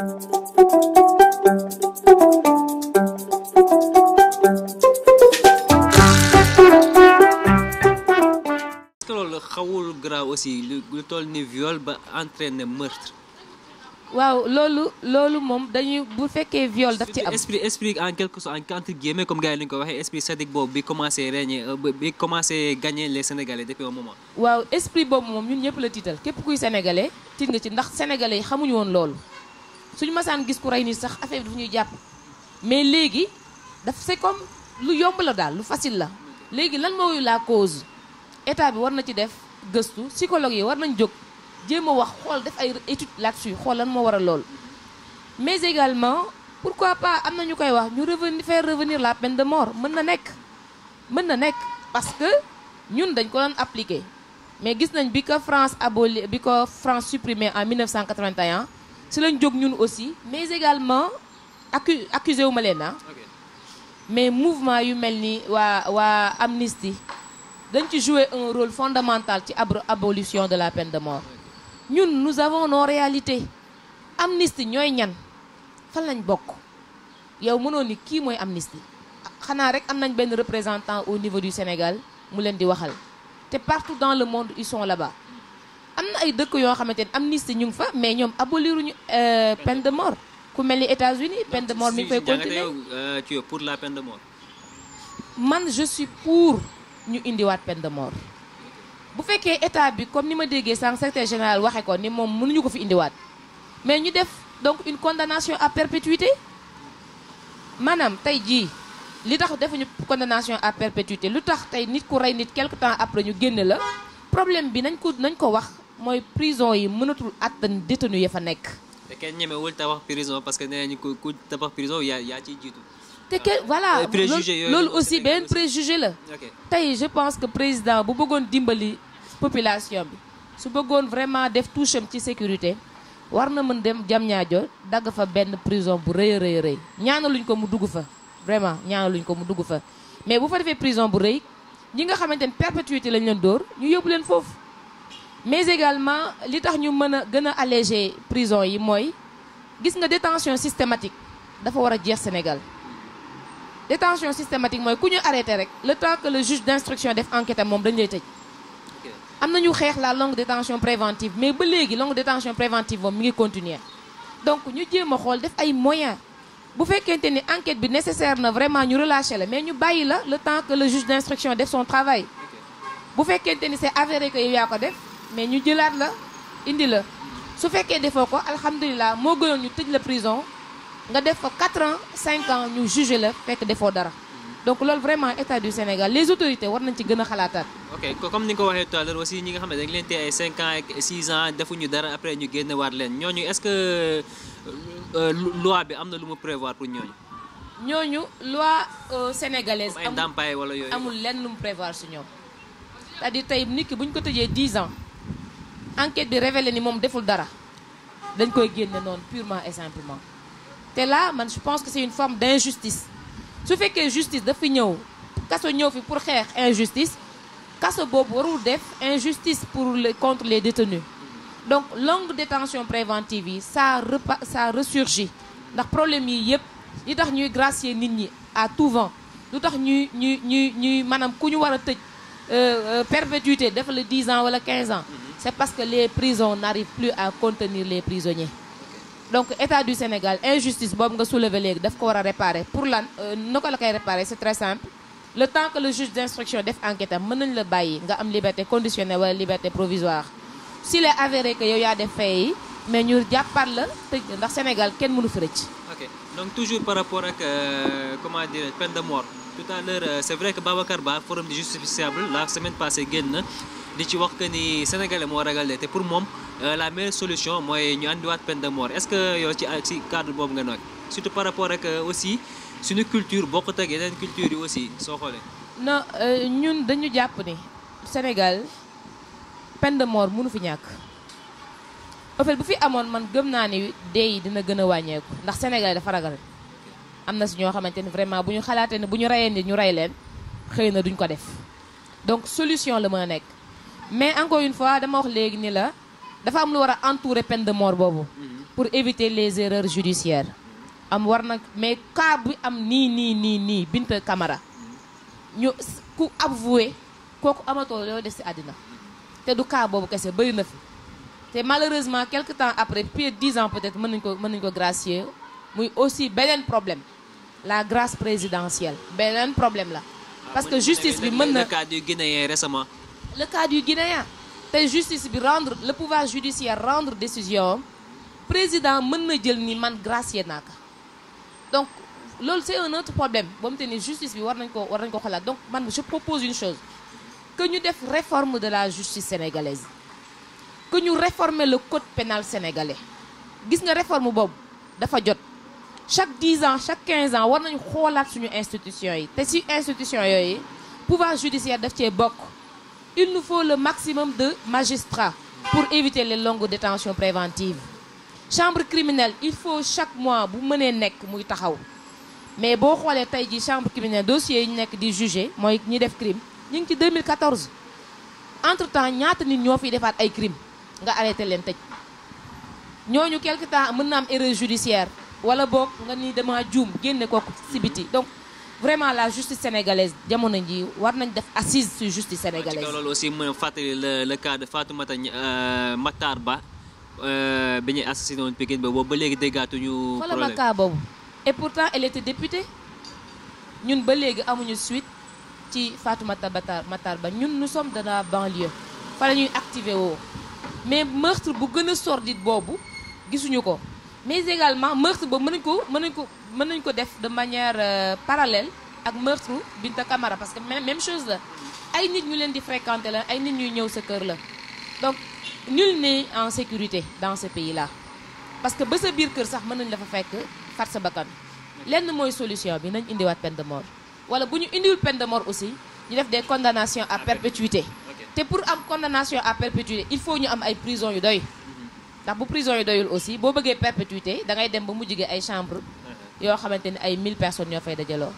loolu xawul grave aussi lu toll ni viol ba entraîner meurtre. waaw loolu loolu moom dañuy bu fekkee viol daf ci am. esprit esprit en quelque sorte entre guillemets comme gars yi ñu waxee esprit sadique boobu bi commencé régner euh, bi commencé gagner les sénégalais depuis un moment. waaw esprit boobu moom ñun ñëpp la tiital képp kuy sénégalais tiit nga ci ndax sénégalais yi xamuñu woon loolu. suñu masaan gis ku rey nii sax affaire bi dafa ñuy jàpp mais léegi daf c'est lu yomb la daal lu facile la léegi lan mooy la cause état bi war na ci def gëstu psychologue yi war nañ jóg jéem a wax xool def ay étude là xool lan moo war a lool mais également pourquoi pas am na ñu koy wax ñu revenir faire revenir la peine de mort mën na nekk mën na nekk parce que ñun dañ ko doon appliquer mais gis nañ bi ko France aboli bi ko France supprimé en 1981 si lañ jóg ñun aussi mais également accu accusé wu ma leen ah mais mouvement yu mel ni waa waa amnistie dañ ci jouer un rôle fondamental ci ab abolition de la peine de mort ñun nous avons nos réalités amnistie ñooy ñan fan lañ bokk yow mënoon ni kii mooy amnistie xanaa rek am nañ benn représentant au niveau du Sénégal mu leen di waxal te partout dans le monde ils sont là-bas am na ay dëkk yoo xamante ne amnistie ñu ngi fa mais ñoom aboliruñu euh, pen de mort ku mel ni États-Unis pen de mort mi ngi fay euh, pour la peine de mort man je pour ñu indiwaat peine de mort bu fekkee état bi comme ni ma déggee sànq secrétaire général waxe ko ni moom mënuñu ko fi indiwaat mais ñu def donc une condamnation à perpétuité maanaam tey jii li tax defuñu condamnation à perpétuité lu tax tey nit ku rey nit quelque temps après ñu génn la problème bi nañ ko nañ ko wax mooy prison yi mënatul àttan détenu ya fa nekk. te kenn ñemewul tabax prison parce que nee nañu ko ku tabax prison yaa yaa ciy jiitu. te kenn voilà loolu aussi benn préjugé la. tey je pense que président bu bëggoon dimbali population bi su bëggoon vraiment def touche ci sécurité. war na mën dem jam ñaajo dagg fa benn prison bu rëy a rëy rëy ñaanaluñ ko mu dugg fa vraiment ñaanaluñ ko mu dugg fa mais bu fa defee prison bu rëy ñi nga xamante ne perpétuité lañ leen dóor ñu yóbbu leen foofu mais également li tax ñu mën a gën a alléger prison yi mooy gis nga détention systématique dafa war a jeex Sénégal détention systématique mooy ku ñu arrêté rek le temps que le juge d'instruction def enquête am moom dañu lay tëj am na ñu xeex la longue détention préventive mais ba léegi longue détention préventive moom mu ngi continuer donc ñu jéem a xool def ay moyens bu fekkente ni enquête bi nécessaire na vraiment ñu relâché la mais ñu bàyyi la le temps que le juge d'instruction def son travail bu fekkente ni c'est avéré que yow yaa ko def mais ñu jëlaat la indi la su fekkee defoo ko alhamdulilah moo gënoon ñu tëj la prison nga def fa 4 ans cinq ans ñu jugé la fekk defoo dara donc loolu vraiment état du Sénégal les autorités war nañ ci gën a xalaataat. ok comme ni nga ko waxee tout à l'heure aussi ñi nga xam ne dañ leen téye ay 5 ans defuñu dara après ñu génn waat leen ñooñu est-ce que euh, euh, loi bi am na lu mu prévoir pour ñooñu. loi euh, sénégalaise. amul ay wala yooyu amul lenn lu mu prévoir su ñoom. cest tey nit ki bu ñu ko tëjee 10 ans. enquête bi révélé ni moom deful dara dañ koy génne noonu purement et simplement te là man je pense que c'est une forme d'injustice su fekkee justice dafa ñëw kaso ñëw fi pour xeex injustice kaso boobu warul def injustice pour le contre les détenus donc longue détention préventive yi ça repa sa ressurgit ndax problème yi yëpp li tax ñuy gracier nit ñi à tout vent lu tax ñuy ñuy ñuy ñuy maanaam ku ñu war a tëj euh, euh, perpétuité defa la 10 ans wala 15 ans c'est parce que les prisons n'arrivent plus à contenir les prisonniers donc état du Sénégal injustice boobu nga soulever léegi daf ko war a réparer pour lan euh, naka la koy réparer c'est très simple le temps que le juge d'instruction def enquête am mën nañ la bàyyi nga am liberté conditionnelle wala liberté provisoire si est avéré que yow yaa def fay yi mais ñu jàppaat la tëj la ndax Sénégal kenn mënu fi rëcc. ok donc toujours par rapport ak euh, comment dire peine de mort tout euh, forum du justiciable di ci wax que ni sénégalais moo ragal de te pour moom euh, la meilleure solution mooy ñu andiwaat peine de mort est-ce que yow ci ci cadre boobu nga nooy surtout par rapport ak euh, aussi suñu culture bokkut ak yeneen culture yi aussi soo xoolee. non euh, ñun dañu jàpp ni Sénégal peine de mort mënu fi ñàkk. au bu fi amoon man gëm naa ni dee yi dina gën a wàññeeku ndax Sénégal dafa ragal am na si ñoo xamante ni vraiment bu ñu xalaatee ni bu ñu reyee nit ñu rey leen xëy na duñ ko def donc solution la mën nekk. mais encore une fois dama wax léegi ni la dafa am lu war a entourer peine de mort boobu. pour éviter les erreurs judiciaires. am war nag mais cas bi am nii nii nii nii Binta Camara ñu ku ab avoué kooku amatoo loo des ci àddina te du cas boobu kese bëri na fi te malheureusement quelque temps après plus de dix ans peut-être mën nañ ko mën nañu ko gracier muy aussi beneen problème la grâce présidentielle beneen problème la. parce que justice bi mën na ah, cas du Guinéen récemment. le cas du Guinéen tey justice bi rendre le pouvoir judiciaire rendre décision président mën na jël ni man gracier naa ko donc loolu c'est un autre problème boo mu te ni justice bi war nañ ko war ko xalaat donc man je propose une chose que ñu def réforme de la justice sénégalaise que ñu réformer la code pénal sénégalais gis nga réforme boobu dafa jot chaque 10 ans chaque quinze ans war nañu xoolaat suñu institution yi te si institution yooyu pouvoir judiciaire daf cee bokk il nous faut le maximum de magistrats pour éviter les longues détentions préventives chambre criminelle il faut chaque mois bu mënee nekk muy taxaw mais boo xoolee tey ji chambre criminelle dossier yi ñu nekk di jugé mooy ñi def crime ñu ngi ci 2014 entre temps ñaata nit ñoo fiy defaat ay crime nga arrêté leen tëj ñooñu quelque temps mën na am erreur judiciaire wala boog nga ni dama juum génne kooku si biti vraiment la justice sénégalaise jamono ji war nañ def assise sur justice sénégalaise. loolu aussi ma fàttali le le cas de Fatoumata euh, Matar Ba euh, bi ñuy assassiné woon Pikine ba boobu ba léegi déggaatuñu. problème wala cas boobu et pourtant elle était députée ñun ba léegi amuñu suite ci Fatoumata Matar Ba ñun nu sommes dans la banlieue fa la ñuy activé woo mais meurtre bu gën a sordide boobu gisuñu ko. mais également meurtre boobu mën nañ ko mën nañ ko mën nañ ko def de manière euh, parallèle ak meurtre Binta Camara parce que même chose la ay nit ñu leen di fréquenter la ay nit ñuy ñëw sa kër la donc nul n'est en sécurité dans ce pays là parce que ba sa biir kër sax mën nañ la fa fekk fat sa bakkan lenn mooy solution bi nañ indiwaat peine de mort wala bu ñu indiwul peine de mort aussi ñu def des condamnations à perpétuité te pour am condamnation à perpétuité il faut ñu am ay prison yu doy ndax bu prison yi doyul aussi boo bëggee perpétuité da ngay dem ba mujj gi ay chambre uh-huh. yoo xamante ni ay 1000 personnes ñoo fay dajaloo.